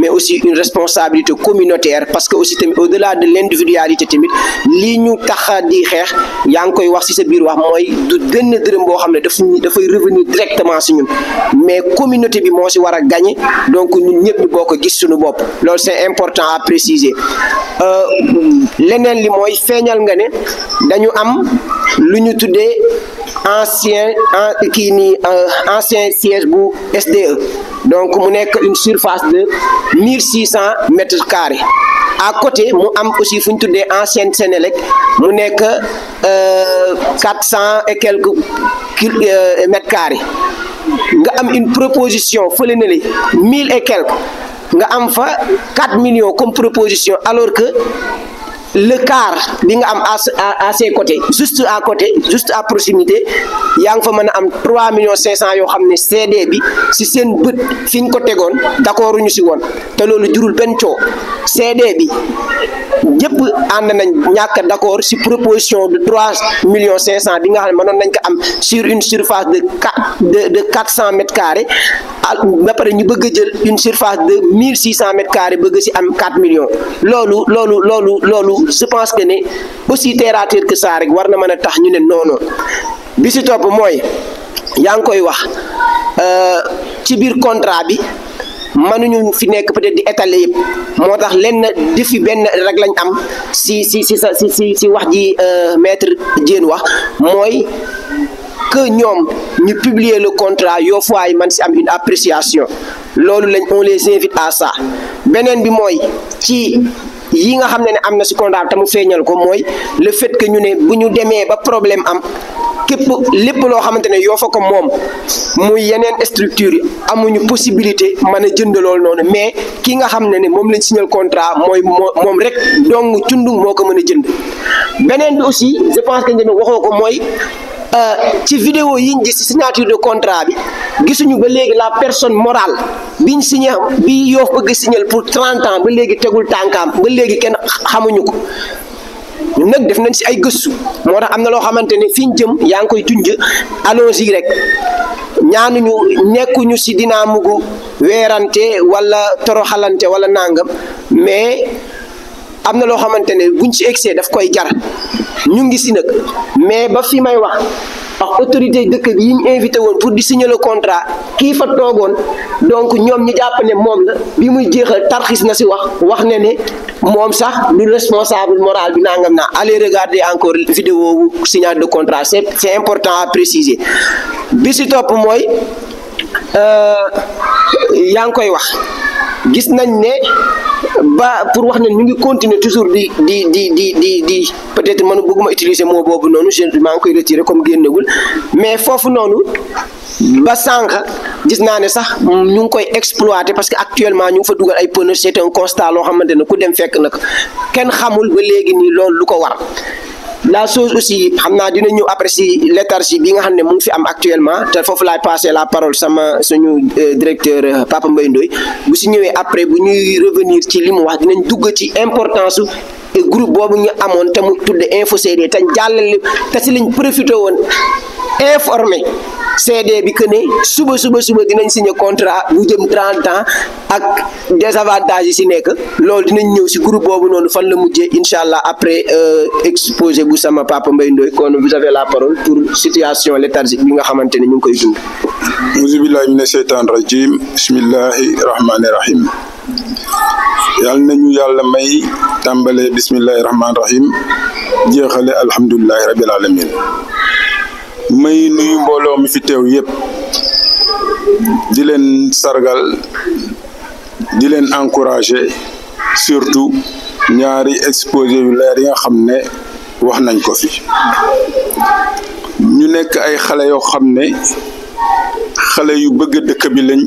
mais aussi une responsabilité communautaire parce que au-delà de l'individualité tamit lii ñu tax di revenir directement à nous. mais communauté bi moo gagner donc nous devons pouvons pas gis c'est important à préciser L'année dernière, euh, li moy feeñal nga ne dañu am lu ñu ancien euh, ancien siège bu SDE donc mu nek une surface de 1600 mètres carrés à côté mu am aussi fuñ tuddé ancienne Sénélec mu nek que 400 et quelques euh, mètres carrés nga am une proposition feulé na 1000 et quelques nga am fa 4 millions comme proposition alors que le car bi nga am à à ses côtés juste à côté juste à proximité yaa ngi fa mën a am 3 millions cent yoo xam ne CD bi si seen bët fi ñu ko tegoon d'accord ñu si woon te loolu jurul benn coow CD bi ñëpp ànd nañ ñàkk d'accord si proposition de 3 millions 500 bi nga xam ne mënoon nañ ko am sur une surface de quatre de de 400 mètres carrés ba pare ñu bëgg a jël une surface de 1600 mètres carrés bëgg si am 4 millions loolu loolu loolu loolu. je pense que ni aussi terre à terre que ça rek war na mën a tax ñu ne noonu bi si topp mooy yaa ngi koy wax euh, ci biir contrat bi mënuñu fi nekk peut-être di étaler yëpp moo tax lenn defi benn rek lañ am si si si sa si si si wax ji euh, metre Diène wax mooy que ñoom ñu publier le contrat yoo yi man si am une appréciation loolu lañ on les invite à ça beneen bi mooy ci yi nga xam ne ne am na si Kolda te mu feeñal ko mooy le fait que ñu ne bu ñu demee ba problème am képp lépp loo xamante ne yoo ko moom muy yeneen structure yi amuñu possibilité mën a jënd loolu noonu mais ki nga xam ne ne moom lañ signal contrat mooy moom rek dong cundung moo ko mën a jënd beneen bi aussi je pense que waxoo ko mooy Euh, ci vidéo yi ñu gis ci signature de contrat bi gisuñu ba léegi la personne morale biñ signé bi Yoff bëgg signal pour 30 ans ba léegi tegul tànkaam ba léegi kenn xamuñu ko ñun nag def nañ si ay gëstu moo tax am na loo xamante ne fi ñu jëm yaa ngi koy junj allons yi rek ñaanuñu nekkuñu si dinaa mugu weerante walla wala xalante wala nangam mais. amna ne xamantene buñ ci excès daf koy jar ñu ngi si mais ba fi may wax ak autorité dëkk yi pour signer le contrat qui fa donc ñom ñu japp ne mom bi muy tarxis na wax wax responsable moral allez regarder encore vidéo wu de contrat c'est important à préciser bi pour euh, koy wax gis ne. ba pour wax ne ñu ngi continuer toujours di di di di di di peut-être man bëgguma utiliser moo boobu noonu je maa ngi koy retirer comme génnagul mais foofu noonu ba sànq gis naa ne sax ñu ngi koy exploiter parce que actuellement ñu fa dugal ay pneus c'est un constat loo xamante ne ku dem fekk na ko kenn xamul ba léegi nii loolu lu ko war la chose aussi xam naa dina ñëw après si léthargie bi nga xam ne mu ngi fi am actuellement te foofu laay la parole sama suñu euh, directeur euh, Papa Mbaye bu si ñëwee après bu ñuy revenir ci li mu wax dinañ dugg ci importance su euh, groupe boobu ñu amoon tamu mu tudde info séeréer te jàllale te si lañ profité woon informé CD bi que ne suba suba suba dinañ signé contrat bu jëm 30 ans ak des avantages si nekk loolu dinañ ñëw ci groupe bobu nonu fan la mujjé inshallah allah après euh, exposé bu sama papa Mbaye ndoy kon vous avez la parole pour situation léthargique bi nga xamanteni ñu koy dund. auzu billahi mina seytaan rajim bismillahir rahmanir rahim. yal nañu yalla may tambalé bismillahir rahmanir rahim jeexale alhamdoulillah rabbil alamin may nuyu mbooloo mi fi teew yépp di leen sargal di leen encourager surtout ñaari exposé yu leer yi nga xam ne wax nañ ko fi ñu nekk ay xale yoo xam ne xale yu bëgg dëkk bi lañ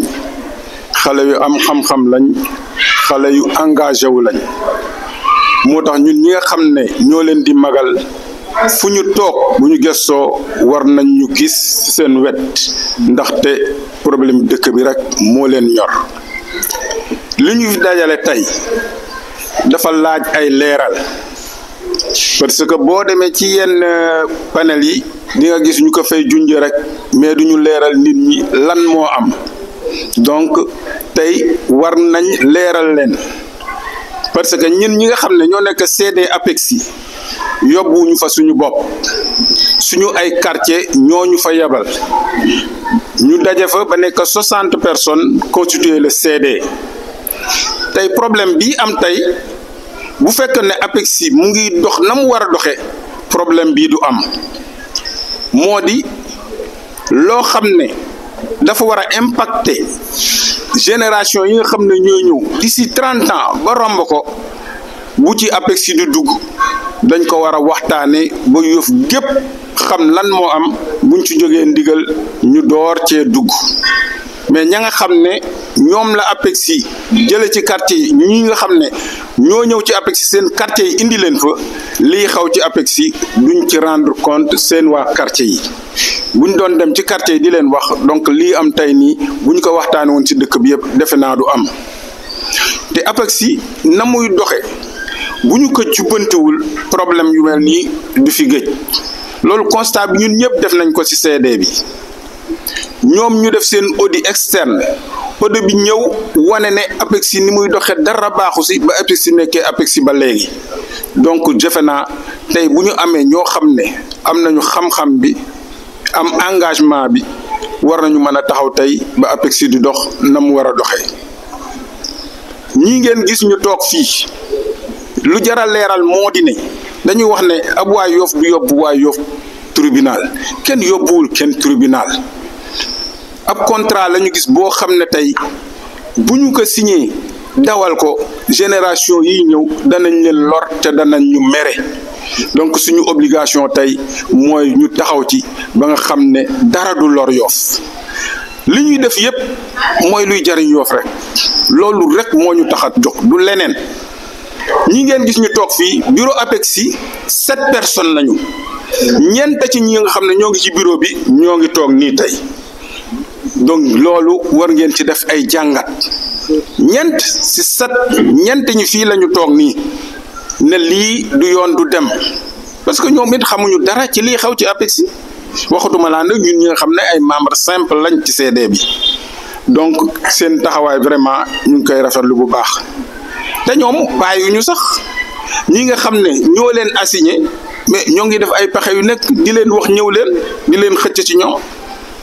xale yu am xam-xam lañ xale yu engagé wu lañ moo tax ñu ñi nga xam ne ñoo leen di magal fu ñu toog bu ñu gëstoo war nañ ñu gis seen wet ndaxte problème dëkk bi rek moo leen ñor li ñuy dajale tey dafa laaj ay leeral parce que boo demee ci yenn euh, panel yi di nga gis ñu ko fay junj rek mais ñu leeral nit ñi lan moo am donc tey war nañ leeral leen parce que ñun ñi nga xam ne ñoo nekk CD APEX yi yóbbuwuñu fa suñu bopp suñu ay quartier ñoo ñu fa yebal ñu daje fa ba nekk soixante personnes constitué le CD tey problème bii am tey bu fekkoon ne APEXI mu ngi dox na mu war a doxe problème bii du am moo di loo xam ne dafa war a impacter génération yi nga xam ne ñoo ñëw d'ici trente ans ba romb ko bu ci APEXI du dugg dañ ko war a waxtaane ba Yoff gépp xam lan moo am buñ ci jógee ndigal ñu door cee dugg mais ña nga xam ne ñoom la APECSY jële ci quartier yi ñi nga xam ne ñoo ñëw ci APECSY seen quartier yi indi leen fa lii xaw ci APECSY duñ ci rendre compte seen waa quartier yi buñ doon dem ci quartier yi di leen wax donc lii am tey nii buñ ko waxtaanee woon ci dëkk bi yëpp defe naa du am te APECSY na muy doxe bu ñu ko jubbantiwul problème yu mel nii du fi géej loolu constat bi ñun ñëpp def nañ ko ci CD bi ñoom ñu def seen audit externe audit bi ñëw wane ne APECSY ni muy doxee dara baaxu ci ba APECSY nekkee APECSY ba léegi donc jëfe naa tey bu ñu amee ñoo xam ne am nañu xam-xam bi am engagement bi war nañu mën a taxaw tey ba APECSY di dox na mu war a doxee ñi ngeen gis ñu toog fii. lu jaral leeral moo di ne dañuy wax ne ab waa Yoff bu yóbbu waa Yoff tribunal kenn yóbbuwul kenn tribunal ab contrat la ñu gis boo xam ne tey bu ñu ko signé dawal ko génération yi ñëw danañ leen lor te danañ ñu mere donc suñu obligation tey mooy ñu taxaw ci ba nga xam ne dara du lor yoof li ñuy def yépp mooy luy jariñ yoof rek loolu rek moo ñu tax jox du leneen ñi ngeen gis ñu toog fii bureau apex yi sept personnes lañu ñent ci ñi nga xam ne ñoo ngi ci bureau bi ñoo ngi toog nii tey donc loolu war ngeen ci def ay jàngat ñent si sept ñent ñi fii lañu toog nii ne lii du yoon du dem parce que ñoom it xamuñu dara ci lii xaw ci apex yi waxatuma laa nag ñun ñi nga xam ne ay membre simple lañ ci CD bi donc seen taxawaay vraiment ñu ngi koy rafetlu bu baax te ñoom bàyyiwuñu sax ñi nga xam ne ñoo leen assigné mais ñoo ngi def ay pexe yu nekk di leen wax ñëw leen di leen xëcc ci ñoom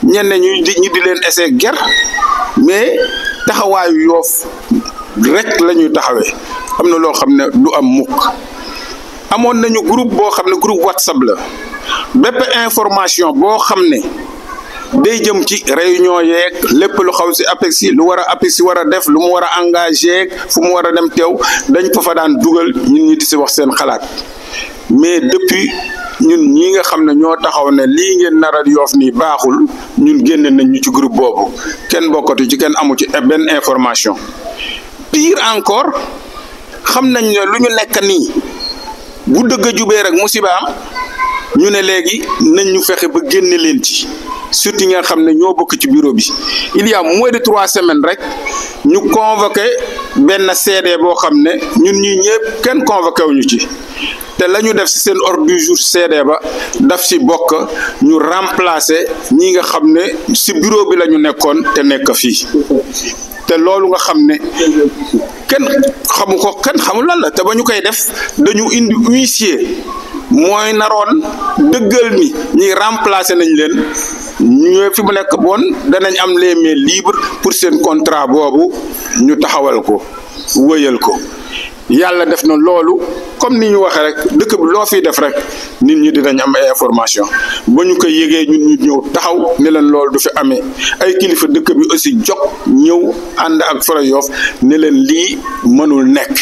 ñenn ñu di ñi di leen essayer guerre mais taxawaayu yoof rek lañuy taxawe taxawee am na loo xam ne du am mukk amoon nañu groupe boo xam ne groupe whatsapp la bépp information boo xam ne day jëm ci réunion yeeg lépp lu xaw si APEX si lu war a APEX si war a def lu mu war a engagé fu mu war a dem teew dañ ko fa daan dugal ñun ñi di si wax seen xalaat mais depuis ñun ñii nga xam ne ñoo taxaw ne lii ngeen nar yoof nii baaxul ñun génne nañ ñu ci groupe boobu kenn bokkatu ci kenn amu ci eh, benn information pire encore xam nañ ne lu ñu nekk nii bu dëgg a jubee rek musibaam ñu ne léegi nañ ñu fexe ba génne leen ci surtout ñi nga xam ne ñoo bokk ci bureau bi il y a moins de trois semaines rek ñu convoqué benn CD boo xam ne ñun ñi ñëpp kenn convoqué wuñu ci te la ñu def si seen ordre jour CD ba daf ci bokk ñu remplacer ñi nga xam ne si bureau bi la ñu nekkoon te nekk fii te loolu nga xam ne kenn xamu ko kenn xamul lan la te ba ñu koy def dañu indi huissier. mooy naroon dëggal ni ñi remplacer nañ leen ñu fi mu nekk bon danañ am les mains libres pour seen contrat boobu ñu taxawal ko wëyal ko yàlla def na loolu comme ni ñu waxee rek dëkk bi loo fiy def rek nit ñi dinañ am ay information ba ñu ko yëgee ñun ñu ñëw taxaw ne leen loolu du fi amee ay kilifa dëkk bi aussi jog ñëw ànd ak Fra Yoff ne leen lii mënul nekk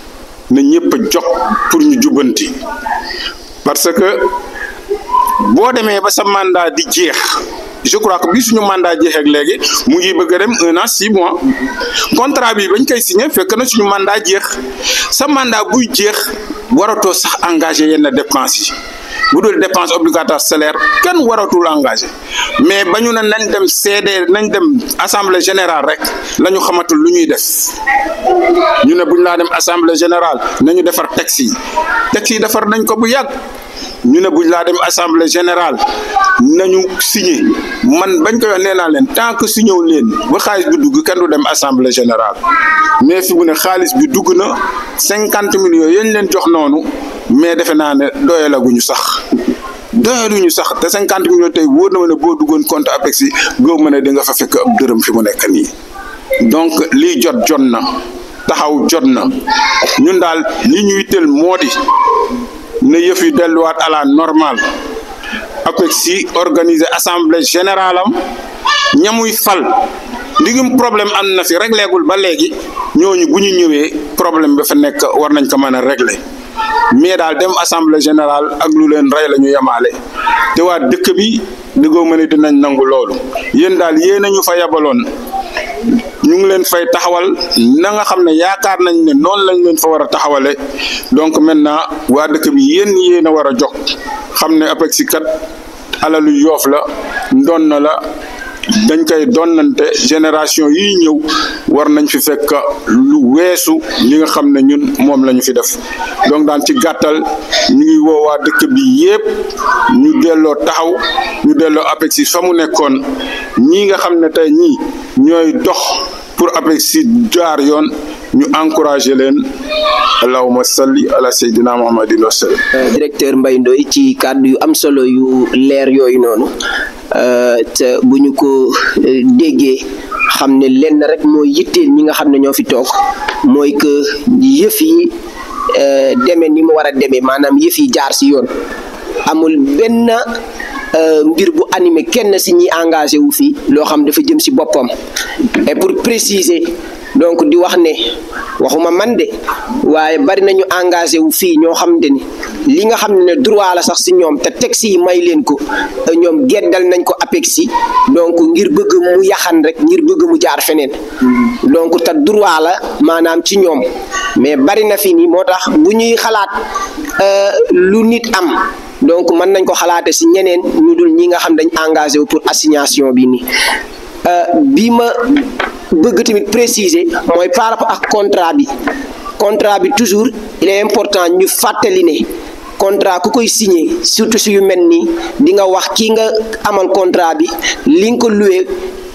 na ñëpp a jox pour ñu jubbanti parce que boo demee ba sa mandat di jeex je crois que bi suñu mandat jeexee ak léegi mu ngi bëgg a dem un an contrat bi bañ koy signé fekk na suñu mandat jeex sa mandat buy jeex waratoo sax engagé yenn dépenses yi. bu dul dépense obligatoire salaire kenn waratul engagé mais ba ñu ne nañ dem CD nañ dem assemblée générale rek la ñu xamatul lu ñuy des ñu ne bu laa dem assemblée générale nañu defar texte yi texte yi defar nañ ko bu yàgg. ñu ne buñ laa dem assemblée général nañu signé man bañ koy wax leen tant que signé leen ba xaalis bi dugg kenn du dem assemblée général mais fi mu ne xaalis bi dugg na cinquante millions yañ leen jox noonu mais defe naa ne doyalaguñu sax. doyaluñu sax te cinquante millions tey woo ne ma ne boo duggoon compte APEX yi góob ne di nga fa fekk ab dërëm fi mu nekk nii donc lii jot jot na taxaw jot na ñun daal li ñuy tël moo di. na yëf delluwaat à normal normale APECSY organiser assemblée générale am ñamuy fal ndigum problème am na fi régléegul ba léegi ñooñu bu ñu ñëwee problème ba fa nekk war nañ ko mën a régler mais daal dem assemblée générale ak lu leen rey la ñu yemaale te waa dëkk bi diggoo ma ne dinañ nangu loolu yéen daal yéen a ñu fa yabaloon ñu ngi leen fay taxawal na nga xam ne yaakaar nañ ne noonu lañ leen fa war a taxawale donc maintenant waa dëkk bi yéen yéen a war a jox xam ne APECSY kat alalu yoof la ndoon na la dañ koy donnante génération yi ñëw war nañ fi fekk lu weesu li nga xam ne ñun moom lañu fi def donc daan ci gàttal ñu ngi woowaa dëkk bii yépp ñu delloo taxaw ñu delloo APECSY fa mu nekkoon ñi nga xam ne tey ñii ñooy dox pour APEX si jaar yoon ñu encouragé leen allahuma salli ala sayyidina muhammadin wa sallam euh, directeur Mbaye Ndoye ci kàddu yu am solo yu leer yooyu noonu euh, te bu ñu ko euh, déggee xam ne lenn rek mooy yitteel ñi nga xam ne ñoo fi toog mooy que yëfi yi demee ni mu war a demee maanaam yëf yi jaar si yoon amul benn Euh, mbir bu animé kenn ci ñi engagé wu fi lo xam dafa jëm si bopom et pour préciser donc di wax né waxuma man dé waye bari nañu engagé wu fi ño xam dé ni li nga xam né droit la sax ci ñom té taxi may leen ko ñom nañ ko apexi donc ngir bëgg mu yaxan rek ngir bëgg mu jaar fenen donc ta droit la manam ci ñom mais bari na fi ni motax bu ñuy xalaat euh, lu nit am donc mën nañ ko xalaate si ñeneen ñu dul ñi nga xam dañ engagé pour assignation bi nii euh, bi ma bëgg tamit préciser mooy par rapport ak contrat bi contrat bi toujours il est important ñu fàttali ne contrat ku koy signé surtout si yu mel nii di nga wax kii nga amal contrat bi li nga ko loué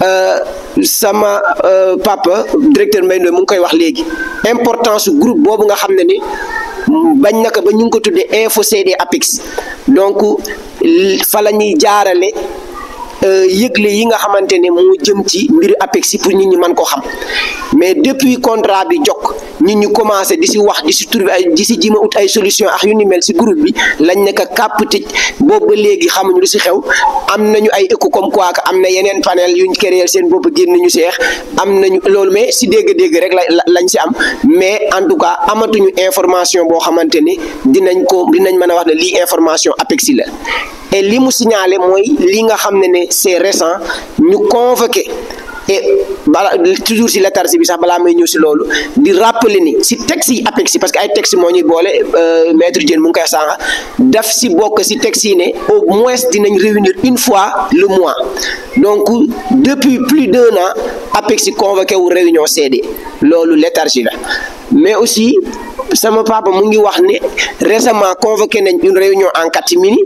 Euh, sama euh, papa directeur Mbaye Ndoye mu ngi koy wax léegi importance groupe boobu nga xam ne ni bañ naka ba ñu ngi ko tuddee info CD APEX donc fa la ñuy jaarale. Euh, yëgle yi nga xamante ne moo jëm ci mbir APEXI pour ñi ñi mën koo xam mais depuis contrat bi jokk nit ñu commencé di si wax di si trouver ay di si jima ut ay solution ak yu ni mel si groupe bi lañ nekk kàpp tëj boobu ba léegi xamuñu lu si xew am nañu ay écho comme quoi que am na yeneen panel yuñ créé seen bopp génn ñu seex am nañu loolu mais si dégg-dégg rek la lañ si am mais en tout cas amatuñu information boo xamante ne dinañ ko dinañ mën a wax ne lii information APEXI et li mu signalé mooy li nga xamné né c'est récent ñu convoqué et toujours si léthargie bi sax bala may ñëw ci lolu di rappeler ni si taxi APEX parce que ay taxi mo ñuy boole euh, maître Diène mu ngi koy sànq daf si bok si taxi né ne au moins dinañ réunir une fois le mois donc depuis plus d'un an APEX convoqué au réunion CD loolu léthargie la mais aussi sama papa mu ngi wax ne récemment convoqué nañ une réunion en catimini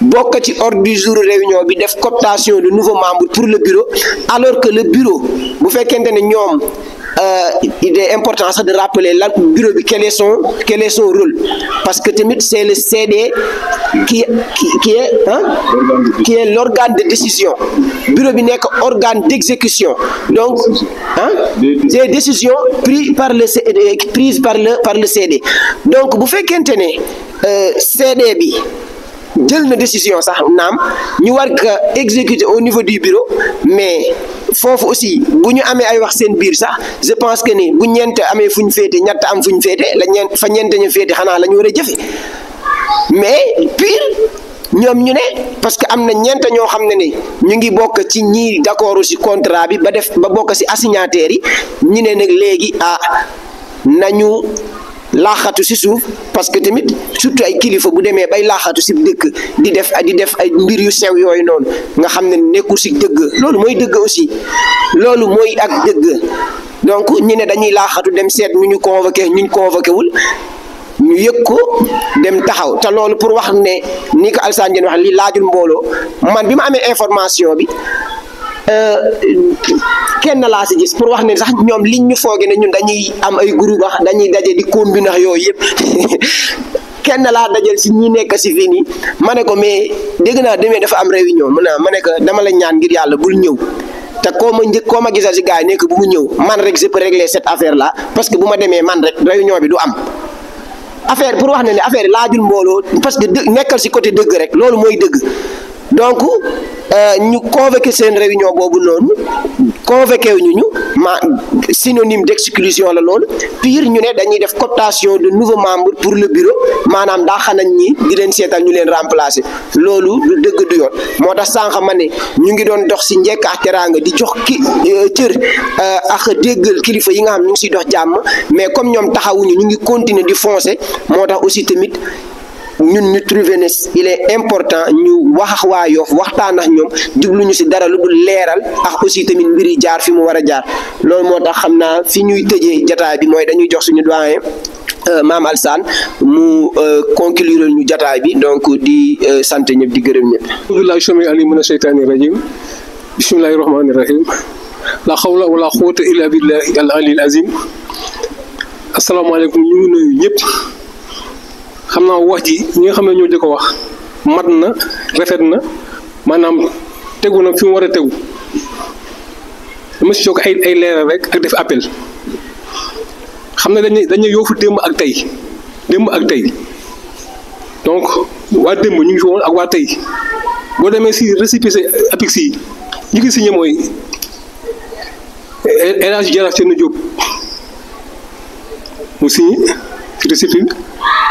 bokk ci ordre du jour réunion bi def coptation de nouveaux membres pour le bureau alors que le bureau bu fekkente ne ñoom. Euh, il est important de rappeler bureau quel est son rôle parce que c'est le CD qui est hein, qui est l'organe de décision bureau bi organe d'exécution donc hein, c'est décision prise par le prise par le par le CD donc vous faites qu'un CD jël na décision sax naam ñu war ko exécuter au niveau du bureau mais foofu aussi bu ñu amee ay wax seen biir sax je pense que ni bu ñeent amee fu ñu féete ñett am fu ñu féete la ñeent fa ñeent ñu féete xanaa la ñu war a jëfe mais pire ñoom ñu ne parce que am na ñeent ñoo xam ne ni ñu ngi bokk ci ñii d'accord ci contrat bi ba def ba bokk ci assignataires yi ñu ne nag léegi ah nañu. laaxatu si suuf parce que tamit surtout ay kilifa bu demee bay laaxatu si dëkk di def di def ay mbir yu sew yooyu noonu nga xam ne nekku si dëgg loolu mooy dëgg aussi loolu mooy ak dëgg donc ñu ne dañuy laaxatu dem seet ñu ñu convoqué ñu ñu wul ñu yëg ko dem taxaw te loolu pour wax ne ni ko Alassane Diène wax li laajul mbooloo man bi ma amee information bi. Euh, kenn laa si gis pour wax ne sax ñoom liñ ñu fooge ne ñun dañuy am ay groupe dañuy daje di koom bi ndax yooyu yëpp kenn laa dajal si ñi nekk si fii nii ma ne ko mais dégg naa demee dafa am réunion ma ne ko dama ñaan ngir yàlla bul ñëw. te koo ma një ma gisal si gars nekk bu mu ñëw man rek je peux régler cette affaire la parce que bu ma demee man rek réunion bi du am affaire pour wax ne ni affaire laajul mbooloo parce que nekkal si côté dëgg rek loolu mooy dëgg donc. Euh, ñu convoqué seen réunion boobu noonu convoqué wuñu ñu ma synonyme d' exclusion la loolu pire ñu ne dañuy def cooptation de nouveaux membre pour le bureau maanaam daa xanañ ñi di leen seetal ñu leen remplacer loolu du dëgg du yoon moo tax sànq ma ne ñu ngi doon dox si njekk ak teraanga di jox ki euh, cër euh, ak déggal kilifa yi nga xam ñu ngi siy dox jàmm mais comme ñoom taxawuñu ñu ngi continuer di foncé moo tax aussi tamit ñun ñu trouver ne il est important ñu wax waa Yoff waxtaan ak ñoom jublu ñu si dara lu dul leeral ax aussi tamit mbir yi jaar fi mu war a jaar loolu moo tax xam naa fi ñuy tëjee jataay bi mooy dañuy jox suñu doyen. Euh, maam Alsaan mu euh, conclure ñu jataay bi donc di euh, sant ñëpp di gërëm ñëpp billahi sami ali mina sheytaani rajim bismillahi rahmaani rahim la xawla wala xuwata illa billahi al ali al azim asalaamaaleykum ñu ngi nuyu ñëpp xam naa wax ji ñi nga xam ne ñoo di ko wax mat na rafet na maanaam tegu na fi mu war a tegu dama si yokk ay ay leeral rek ak def appel xam ne dañu dañuy yoofu démb ak tey démb ak donc waa démb ñu ngi fi woon ak waa tey boo demee si récépissé APIX yi ñu ngi signé mooy El Hadj seen Thierno Diop mu signé récépissé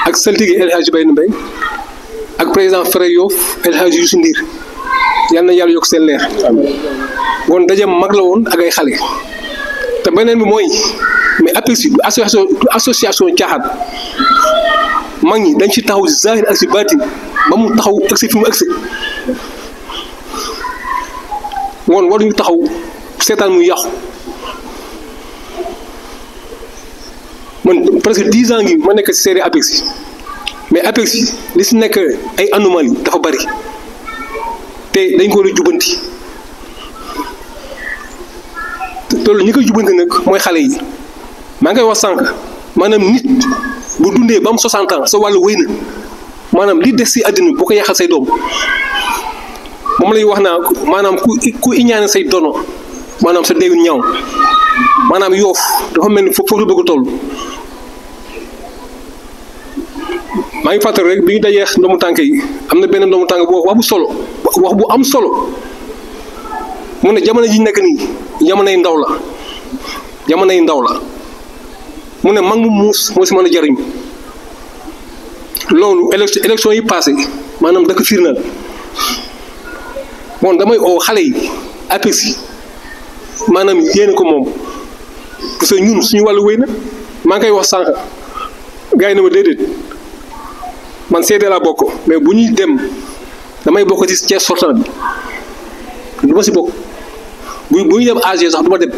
ak saltige El Hadj Bayna Mbaye ak président Frère Yoff El Hadj Youssou Ndir yal na yàlla yokk seen leer. kon daje mag la woon ak ay xale te beneen bi mooy mais APECSY du association du association mag ñi dañ ci taxaw zahir ak si baatin ba mu taxaw agsi fi mu agsi woon waruñu taxaw seetaan mu yàqu. man presque dix ans ngi ma nekk si série APEX mais APEX li si nekk ay anomalie dafa bari te dañ ko war a jubanti loolu ñi koy jubanti nag mooy xale yi maa ngay wax sànq maanaam nit bu dundee ba am 60 ans sa wàllu wéy na maanaam li des si àddina boo ko yàqal say doom moom lay wax naa maanaam ku ku iñaane say dono maanaam sa deewin ñaaw maanaam yoof dafa mel ni foofu la bëgg a maa ngi fàttali rek bi ñu dajee tànk am na benn ndomu tànk bu wax wax bu solo wax bu am solo mu ne jamono ji nekk nii jamonoy ndaw la jamonoy ndaw la mu ne mag mu muus moo si mën a jariñ loolu élection élection yi passé maanaam dëkk firnal bon damay oo xale yi APEX yi maanaam yéene ko moom parce que ñun suñu wàllu wéy na maa ngi koy wax sànq gars yi ne ma déedéet. man seede laa bokk mais bu ñuy dem damay bokk ci Thiès sortant bi du ma si bokk bu bu ñuy dem AG sax du dem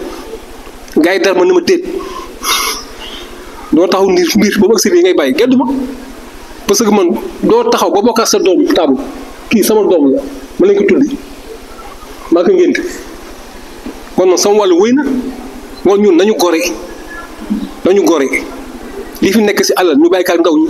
gars yi dara man na ma déet doo taxaw ndir mbir ba mu agsi ngay bàyyi geddu ma parce que man doo taxaw ba bokka sa doom taamu kii sama doom la ma lañ ko tuddi maa ko ngénte kon man sama wàllu wéy na kon ñun nañu gore nañu gore li fi nekk si alal ñu bàyyi kaat ndaw ñi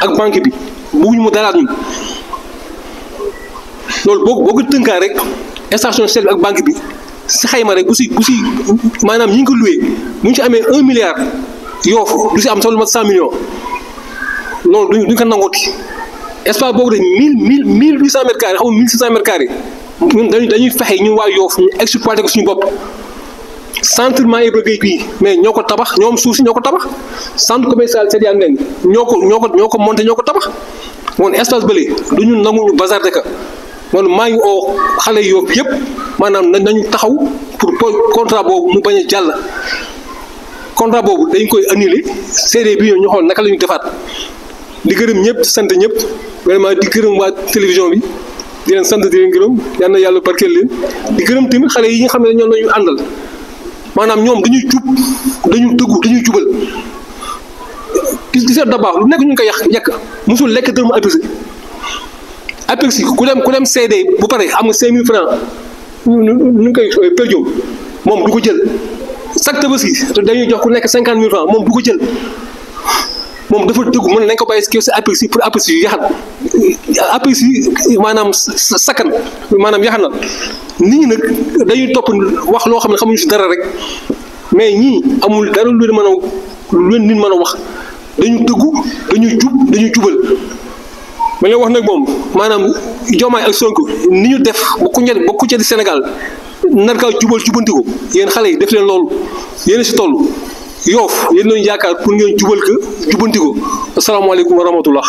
ak banque bi bëgguñu mu dalaat ñun loolu boo boo ko tënkaa rek station sel ak banque bi si xayma rek bu si bu si maanaam ñi ngi ko loué bu ñu si amee un milliard yoof du si am sax lu mat cent millions loolu duñ duñ ko nangooti espace boobu de mille mille mille huit cent mètres carrés xaw six cent mètres carrés ñun dañuy dañuy fexe ñu waa yoof ñu exploité ko suñu bopp centre Mame Ibra Guèye bii mais ñoo ko tabax ñoom suuf ñoo ko tabax centre commercial Cheikh Ndiaye ñoo ko ñoo ñoo ko monté ñoo ko tabax woon espace bële du ñu nanguñu bazardé ka man maa ngi xale yoo yëpp maanaam nañu taxaw pour contrat boobu mu bañ a jàll boobu dañ koy annulé CD bi ñu xool naka la ñu defaat di gërëm ñëpp sant ñëpp vraiment di gërëm waa télévision bi. leen sant di leen gërëm na yàlla barkeel leen di gërëm tamit xale yi nga xam ne ñoom la ñu àndal maanaam ñoom dañuy jub dañu dëggu dañuy jubal gis gisee da baax lu nekk ñu ngi koy yàq yàq mosul lekk dërëm APEX APEX ku dem ku dem CD bu pare am nga 5000 nu ñu ngi koy euh, per diem moom du ko jël chaque tabaski dañuy jox ku nekk 50 000 francs moom du ko jël. mom dafa dugg mën nañ ko bay si ci APEX pour APEX yu yaxal APEX yi sakan manam maanaam na ni ñi nag dañuy top wax lo xamne xamuñu ci dara rek mais ñi amul dara lu leen lu leen nit mën wax dañu dëggu dañu jub dañu jubal ma lay wax nak mom manam jomay ak sonk ni ñu def bu ku ñet ba ku di sénégal nar kaa jubal jubantiku yéen xale yi def len lool yeen ci tollu yoof yéen lañu pour ngeen jubal ko jubanti ko asalaamaaleykum wa rahmatullah